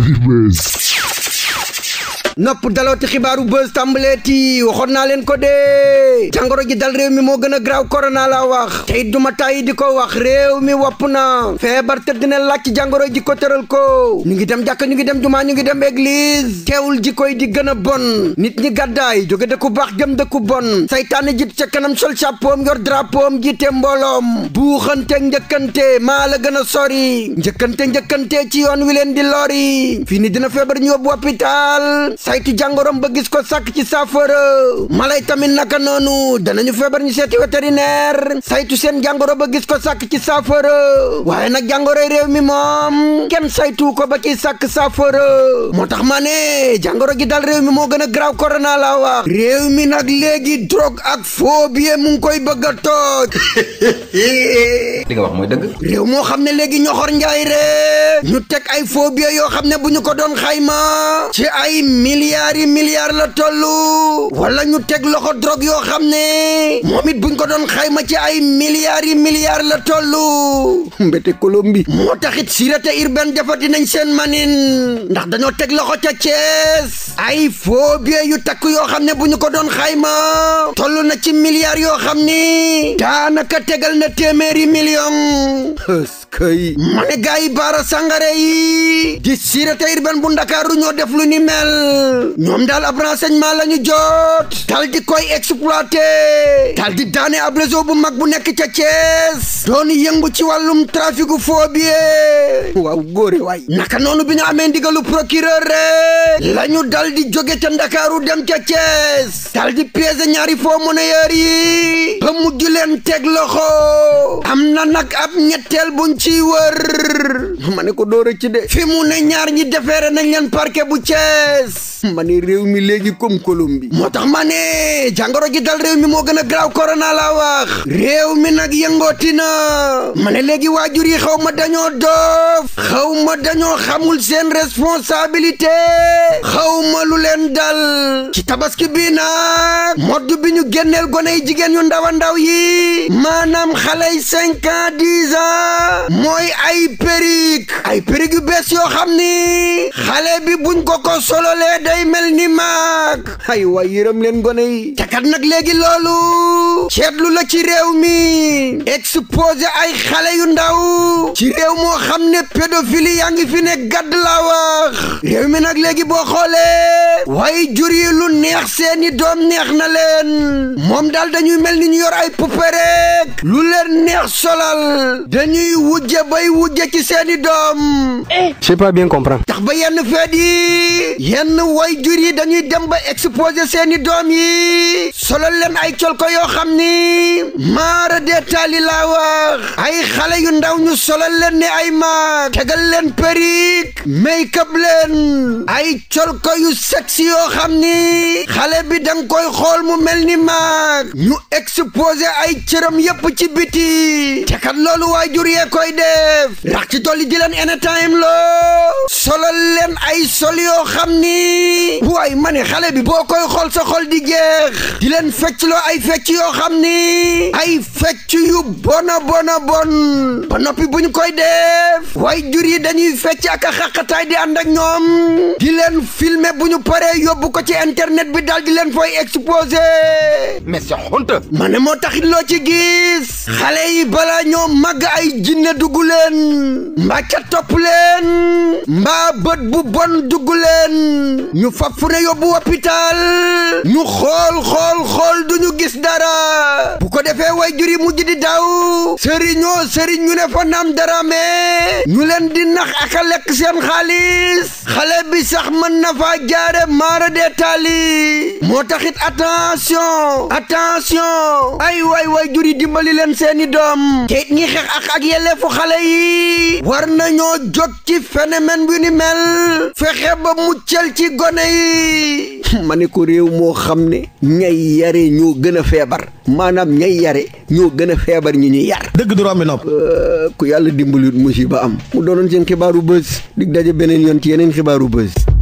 Heavyweights. nopp dalooti xibaaru buzz tàmbaleeti waxoon naa leen ko dee jàngoro ji dal réew mi moo gën a graaw korona la wax te it duma tàyyi di ko wax réew mi wopp na feebar tëdd na laaj ci jàngoro ji ko tëral ko ñu ngi dem jàkka ñu ngi dem jumaa ñu ngi dem église teewul ji yi di gën a bon nit ñi gàddaay jóge dëkku baax jëm dëkku bon saytaane jiitu ca kanam sol chapeau yor drapeau jiite mbooloom buuxante njëkkante maa la gën a sori njëkkante njëkkante ci yoon wi leen di lori fii ni dina feebar ñu yóbbu hôpital saytu jàngoroom ba gis ko sàkk ci saafara mala yi tamit naka noonu danañu feebar ñu seeti vétérinaire saytu seen jàngoro ba gis ko sàkk ci saafara waaye nag jàngoroy réew mi moom kenn saytu ko ba ci sàkk saafara moo tax ma ne jàngoro gi dal réew mi moo gën a graaw corona laa wax réew mi nag léegi drogue ak phobie mu ngi koy bëgg a li mooy dëgg réew moo xam ne léegi ñoxor njaay ree ñu teg ay phobie yoo xam ne bu ñu ko doon xayma ci ay milliards yi la toll wala ñu teg loxo drogue yoo xam ne moom it buñ ko doon xayma ci ay milliards yi milliards la toll mbéte Colombie moo taxit sûreté urbaine defati nañ seen manin ndax dañoo teg loxo ca Thiès ay phobie yu takk yoo xam ne bu ñu ko doon xayma toll na ci milliards yoo xam ni daanaka tegal na téeméeri milliards yoŋ hës këy ma ne gaa yi baara sangare yi di sûreté urbaine bu ndakaaru ñoo def lu ni mel ñoom daal ab renseignement la ñu jot dal di koy exploité dal di daane ab bu mag bu nekk ca Thiès doon yëngu ci wàllum traficu faux billets waaw waay naka noonu bi ñu amee ndigalu procureur rek la ñu dal di jóge ca ndakaaru dem ca Thiès dal di ñaari faux monnayeurs ba mujj teg loxo am na na nag ab ñetteel buñ ci wër ma ne ko dóor a ci de fi mu ne ñaar ñi defeere nañ leen parquet bu Thiès ma ne réew mi léegi comme Colombie moo tax ma ne jàngoro ji dal réew mi moo gën a graaw corona laa wax réew mi nag yëngooti na ma ne léegi waajur yi xaw ma dañoo doof xaw ma dañoo xamul seen responsabilité xaw ma lu leen dal ci tabaski bi nag modd bi ñu génneel gone yi jigéen yu ndaw ndaw yi maanaam xale yi cinq dans dix ans mooy ay périg ay périg yu bees yoo xam ni xale bi buñ ko ko sololee day mel ni maag ay waay yërëm leen gone yi te kat nag léegi loolu lu la ci réew mi exposé ay xale yu ndaw ci réew moo xam ne pédophilie yaa ngi fi ne gàdd laa wax réew mi nag léegi boo xoolee waaye jur yi lu neex seeni doom neex na leen moom daal dañuy mel ni ñu yor ay poupée rek lu leen neex solo waral dañuy wujje bay wujje ci seeni doom. eh je sais pas bien comprendre. tax ba yenn feet yi yenn way jur yi dañuy dem ba exposer seeni doom yi solal leen ay colko yoo xam ni maara deetaali laa wax ay xale yu ndaw ñu solal leen ay maag tegal leen perruque make-up leen ay colko yu sexy yoo xam ni xale bi danga koy xool mu mel ni maag ñu exposer ay cëram yépp ci te kat loolu waay jur yee koy def rax ci dolli di leen anytime loo solal leen ay sol yoo xam ni waay ma ne xale bi boo koy xool sa xol di jeex di leen fecc loo ay fecc yoo xam ni ay fecc yu bona bona bon ba noppi bu ñu koy def waay jur yi dañuy fecc ak a xàqataay di ànd ñoom di leen filmer bu ñu paree yóbbu ko ci internet bi dal di leen fooy exposé mais moo taxit loo ci gis xale yi balaa ñoo màgg ay jinne dugg leen mbàcca topp leen mbaa bët bu bon dugg leen ñu fab fu ne yóbbu ñu xool xool xool duñu gis dara defee way juri mujj di daw sëriñoo sëriñ ñu ne fa naam darame ñu leen di nax ak a lekk seen xaalis xale bi sax mën na faa jaare maara dee taali moo taxit attention attention ay waay way juri dimbali leen seeni doom te ñi xeex ak ak yelleefu xale yi war nañoo jot ci phénomène bi ni mel fexe ba muccal ci gone yi ma ne ko réew moo xam ne ñay yare ñoo gën a feebar maanaam yare ñoo gën a feebar ñi ñuy yar dëgg du rombi nopp euh, ku yàlla dimbalut musiba am mu doonoon seen xibaaru bës dig daje beneen yoon ci yeneen xibaaru bës